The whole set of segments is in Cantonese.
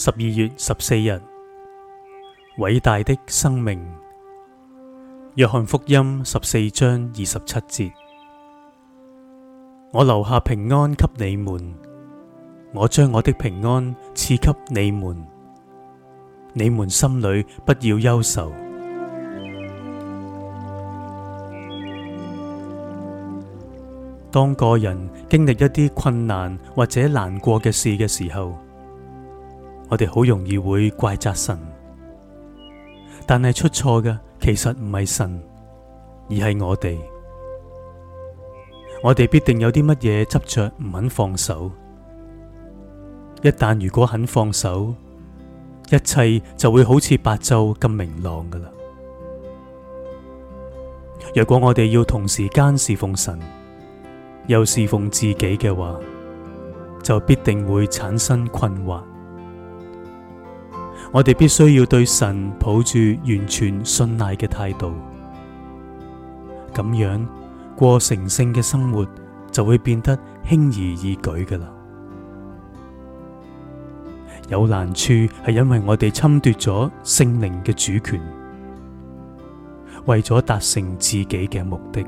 十二月十四日，偉大的生命，約翰福音十四章二十七節：我留下平安給你們，我將我的平安賜給你們，你們心裏不要憂愁。當個人經歷一啲困難或者難過嘅事嘅時候，我哋好容易會怪責神，但係出錯嘅其實唔係神，而係我哋。我哋必定有啲乜嘢執着唔肯放手，一旦如果肯放手，一切就會好似白晝咁明朗㗎喇。若果我哋要同時間侍奉神，又侍奉自己嘅話，就必定會產生困惑。我哋必須要對神抱住完全信賴嘅態度，咁樣過聖性嘅生活就會變得輕而易舉噶啦。有難處係因為我哋侵奪咗聖靈嘅主權，為咗達成自己嘅目的。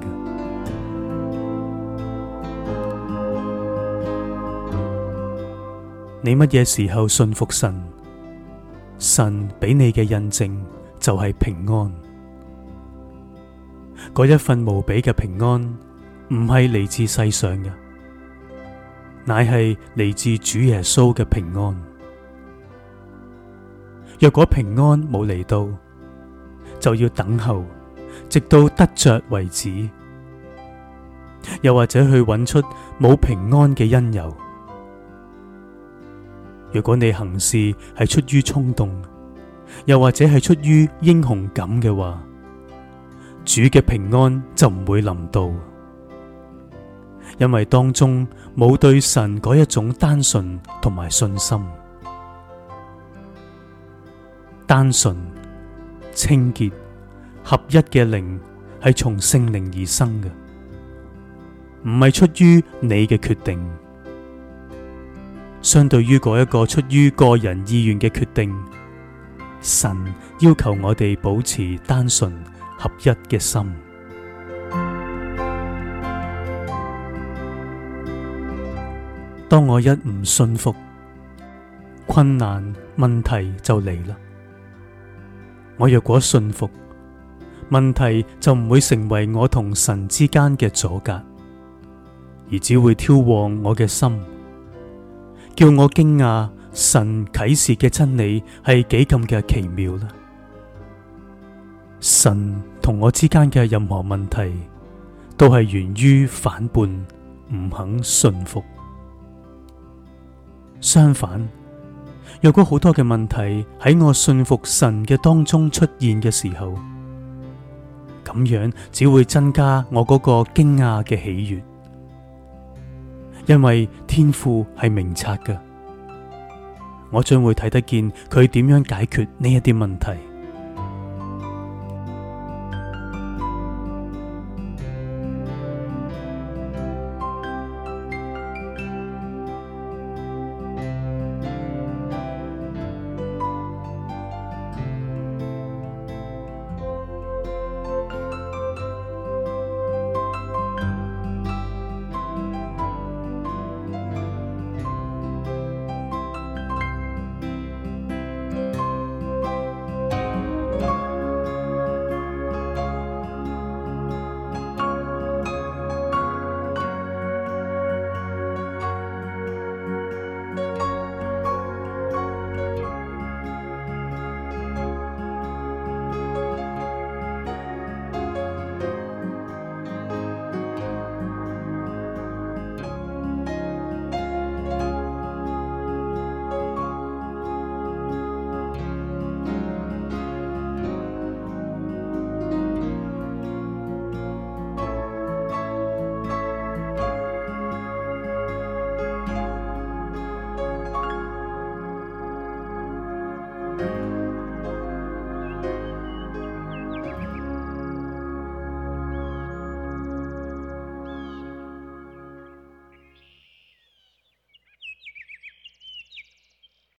你乜嘢時候信服神？神俾你嘅印證就係平安，嗰一份無比嘅平安唔係嚟自世上嘅，乃係嚟自主耶穌嘅平安。若果平安冇嚟到，就要等候，直到得着為止；又或者去揾出冇平安嘅因由。如果你行事係出於衝動，又或者係出於英雄感嘅話，主嘅平安就唔會臨到，因為當中冇對神嗰一種單純同埋信心。單純、清潔、合一嘅靈係從聖靈而生嘅，唔係出於你嘅決定。相對於嗰一個出於個人意願嘅決定，神要求我哋保持單純合一嘅心。當我一唔信服，困難問題就嚟啦。我若果信服，問題就唔會成為我同神之間嘅阻隔，而只會挑旺我嘅心。叫我驚訝，神啟示嘅真理係幾咁嘅奇妙呢？神同我之間嘅任何問題，都係源於反叛，唔肯信服。相反，若果好多嘅問題喺我信服神嘅當中出現嘅時候，咁樣只會增加我嗰個驚訝嘅喜悅。因為天父係明察嘅，我將會睇得見佢點樣解決呢一啲問題。